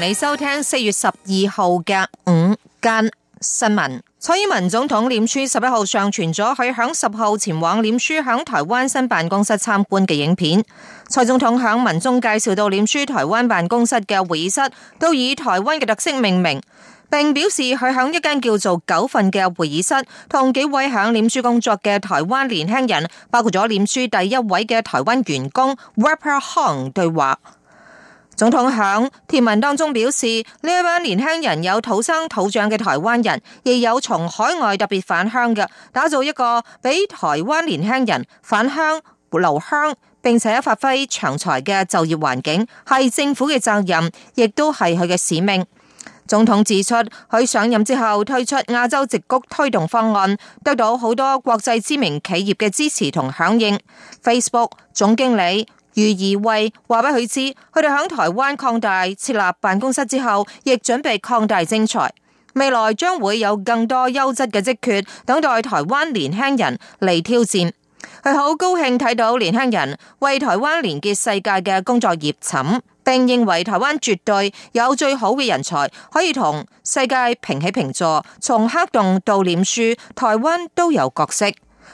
你收聽四月十二號嘅午間新聞。蔡英文總統臉書十一號上傳咗佢響十號前往臉書響台灣新辦公室參觀嘅影片。蔡總統響文中介紹到，臉書台灣辦公室嘅會議室都以台灣嘅特色命名，並表示佢響一間叫做九份嘅會議室，同幾位響臉書工作嘅台灣年輕人，包括咗臉書第一位嘅台灣員工 Rapper Hong 對話。總統喺貼文當中表示，呢一班年輕人有土生土長嘅台灣人，亦有從海外特別返鄉嘅。打造一個俾台灣年輕人返鄉留鄉並且發揮長才嘅就業環境，係政府嘅責任，亦都係佢嘅使命。總統指出，佢上任之後推出亞洲矽谷推動方案，得到好多國際知名企業嘅支持同響應。Facebook 總經理。余而為話不虛此，佢哋喺台灣擴大設立辦公室之後，亦準備擴大徵才，未來將會有更多優質嘅職缺等待台灣年輕人嚟挑戰。佢好高興睇到年輕人為台灣連結世界嘅工作熱忱，並認為台灣絕對有最好嘅人才可以同世界平起平坐。從黑洞到臉書，台灣都有角色。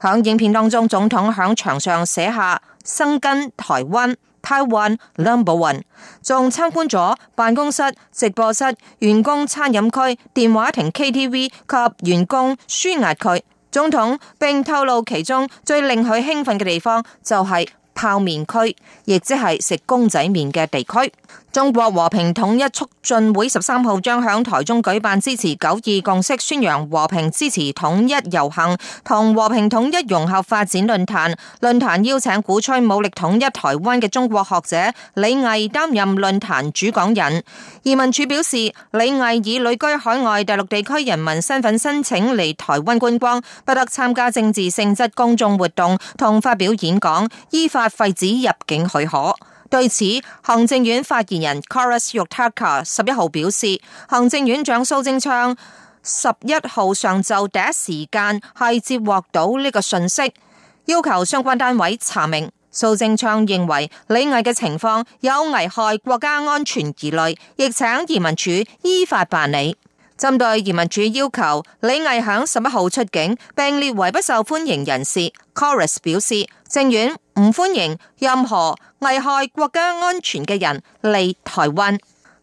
響影片當中，總統響牆上寫下，生根、台灣、Taiwan、Number One，仲參觀咗辦公室、直播室、員工餐飲區、電話亭、KTV 及員工舒壓區。總統並透露其中最令佢興奮嘅地方就係泡麵區，亦即係食公仔麵嘅地區。中國和平統一促進會十三號將響台中舉辦支持九二共識、宣揚和平、支持統一遊行同和，和平統一融合發展論壇。論壇邀請鼓吹武力統一台灣嘅中國學者李毅擔任論壇主講人。移民署表示，李毅以旅居海外大陸地區人民身份申請嚟台灣觀光，不得參加政治性質公眾活動同發表演講，依法廢止入境許可。對此，行政院發言人 Kolas Yotaka 十一號表示，行政院長蘇貞昌十一號上晝第一時間係接獲到呢個訊息，要求相關單位查明。蘇貞昌認為李毅嘅情況有危害國家安全疑慮，亦請移民署依法辦理。針對移民署要求李毅響十一號出境，並列為不受歡迎人士，Kolas 表示，政院唔歡迎任何危害國家安全嘅人嚟台灣。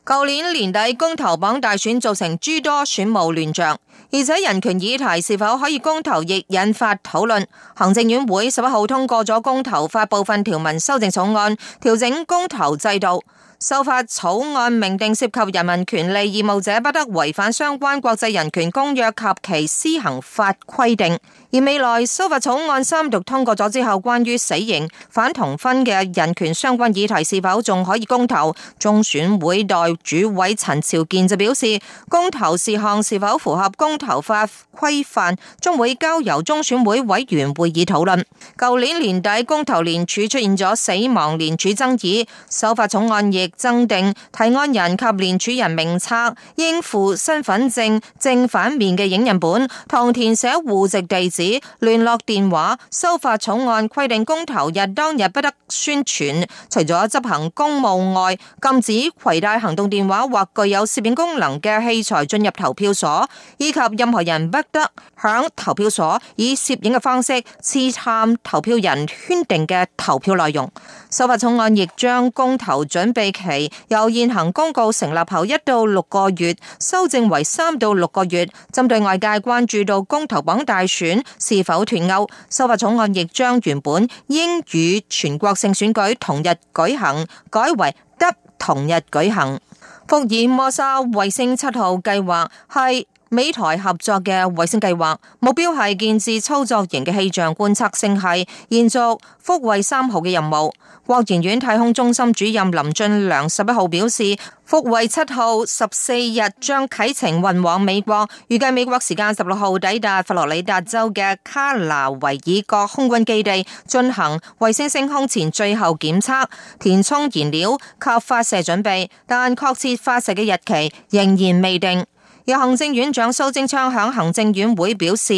舊年年底公投綁大選造成諸多選務亂象，而且人權議題是否可以公投亦引發討論。行政院會十一號通過咗公投法部分條文修正草案，調整公投制度。修法草案明定涉及人民權利義務者，不得違反相關國際人權公約及其施行法規定。而未來修法草案三讀通過咗之後，關於死刑、反同婚嘅人權相關議題，是否仲可以公投？中選會代主委陳朝健就表示，公投事項是否符合公投法規範，將會交由中選會委員會議討論。舊年年底，公投聯署出現咗死亡聯署爭議，修法草案亦增定提案人及聯署人名冊，應附身份證正反面嘅影印本，同填寫戶籍地址、聯絡電話。修法草案規定，公投日當日不得宣傳，除咗執行公務外，禁止攜帶行動電話或具有攝影功能嘅器材進入投票所，以及任何人不得響投票所以攝影嘅方式刺探投票人圈定嘅投票內容。修法草案亦將公投準備。期由現行公告成立後一到六個月，修正為三到六個月。針對外界關注到公投綁大選是否脫鉤，修法草案亦將原本應與全國性選舉同日舉行，改為得同日舉行。福爾摩沙衛星七號計劃是。美台合作嘅衛星計劃目標係建置操作型嘅氣象觀測星系，延續福衛三號嘅任務。國研院太空中心主任林俊良十一號表示，福衛七號十四日將啟程運往美國，預計美國時間十六號抵達佛羅里達州嘅卡納維爾角空軍基地進行衛星升空前最後檢測、填充燃料及發射準備，但確切發射嘅日期仍然未定。有行政院長蘇貞昌響行政院會表示，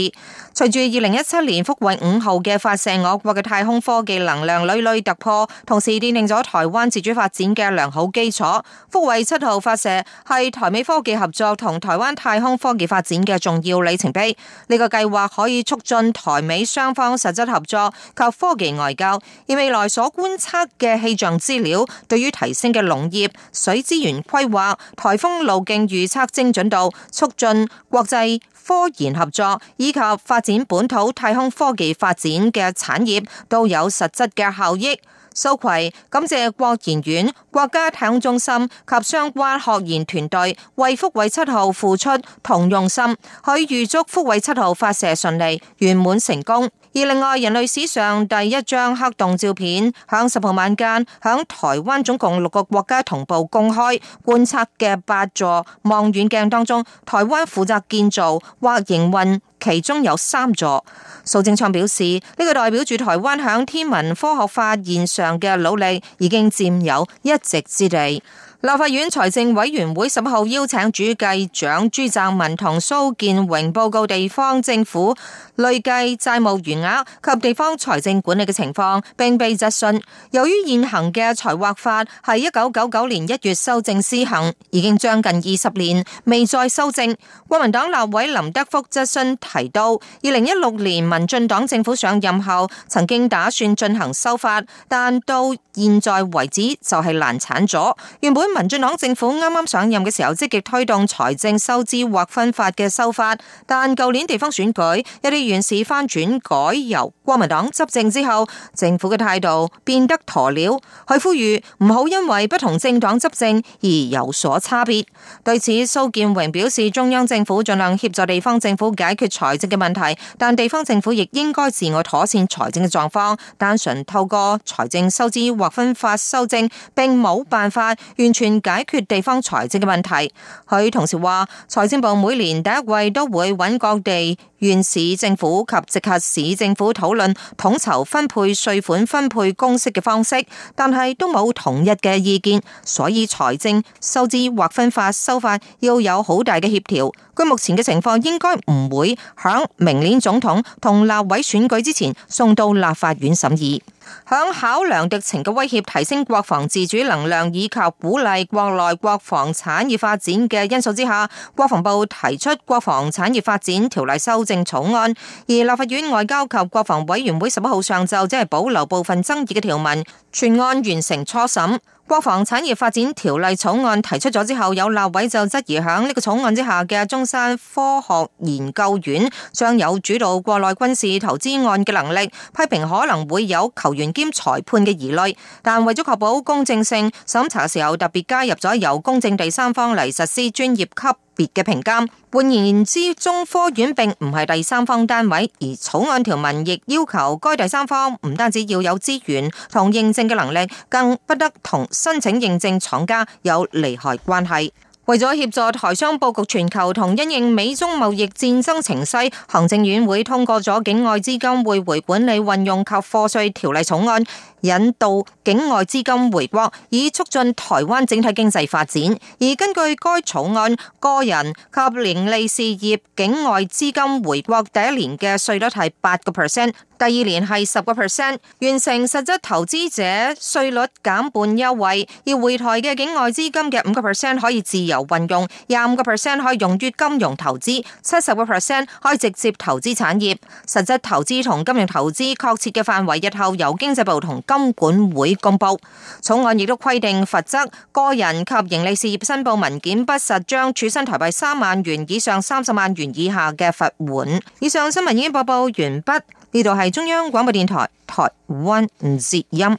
隨住二零一七年福衛五號嘅發射，我國嘅太空科技能量屢屢突破，同時奠定咗台灣自主發展嘅良好基礎。福衛七號發射係台美科技合作同台灣太空科技發展嘅重要里程碑。呢、這個計劃可以促進台美雙方實質合作及科技外交，而未來所觀測嘅氣象資料，對於提升嘅農業、水資源規劃、颱風路徑預測精準度。促進國際科研合作，以及發展本土太空科技發展嘅產業，都有實質嘅效益。蘇葵感謝國研院、國家太空中心及相關學研團隊為福衛七號付出同用心，佢預祝福衛七號發射順利、圓滿成功。而另外，人類史上第一張黑洞照片，響十號晚間，響台灣總共六個國家同步公開。觀察嘅八座望遠鏡當中，台灣負責建造或營運，其中有三座。蘇貞昌表示，呢、這個代表住台灣響天文科學發現上嘅努力已經佔有一席之地。立法院財政委員會十號邀請主計長朱振文同蘇建榮報告地方政府累計債務餘額及地方財政管理嘅情況，並被質詢。由於現行嘅財劃法係一九九九年一月修正施行，已經將近二十年未再修正。國民黨立委林德福質詢提到，二零一六年民進黨政府上任後曾經打算進行修法，但到現在為止就係難產咗。原本民進黨政府啱啱上任嘅時候，積極推動財政收支劃分法嘅修法，但舊年地方選舉，一啲縣市翻轉改由國民黨執政之後，政府嘅態度變得鴕鳥。佢呼籲唔好因為不同政黨執政而有所差別。對此，蘇建榮表示，中央政府盡量協助地方政府解決財政嘅問題，但地方政府亦應該自我妥善財政嘅狀況，單純透過財政收支劃分法修正，並冇辦法完全全解決地方財政嘅問題。佢同時話，財政部每年第一季都會揾各地縣市政府及直轄市政府討論統籌分配稅款分配公式嘅方式，但係都冇統一嘅意見，所以財政收支劃分法修法要有好大嘅協調。據目前嘅情況，應該唔會響明年總統同立委選舉之前送到立法院審議。響考量敵情嘅威脅、提升國防自主能量以及鼓勵國內國防產業發展嘅因素之下，國防部提出國防產業發展條例修正草案，而立法院外交及國防委員會十一號上晝只係保留部分爭議嘅條文，全案完成初審。國防產業發展條例草案提出咗之後，有立委就質疑喺呢個草案之下嘅中山科學研究院將有主導國內軍事投資案嘅能力，批評可能會有球員兼裁判嘅疑慮。但為咗確保公正性，審查嘅時候特別加入咗由公正第三方嚟實施專業級別嘅評鑒，換言之，中科院並唔係第三方單位，而草案條文亦要求該第三方唔單止要有資源同認證嘅能力，更不得同申請認證廠家有利害關係。為咗協助台商布局全球，同因應美中貿易戰爭情勢，行政院會通過咗境外資金匯回管理運用及課稅條例草案，引導境外資金回國，以促進台灣整體經濟發展。而根據該草案，個人及營利事業境外資金回國第一年嘅稅率係八個 percent。第二年係十個 percent 完成實質投資者稅率減半優惠，要回台嘅境外資金嘅五個 percent 可以自由運用，廿五個 percent 可以用於金融投資，七十個 percent 可以直接投資產業。實質投資同金融投資確切嘅範圍日後由經濟部同金管會公布。草案亦都規定罰則，個人及盈利事業申報文件不實，將處新台幣三萬元以上三十萬元以下嘅罰款。以上新聞已經播報完畢。呢度係中央廣播電台，台灣之音。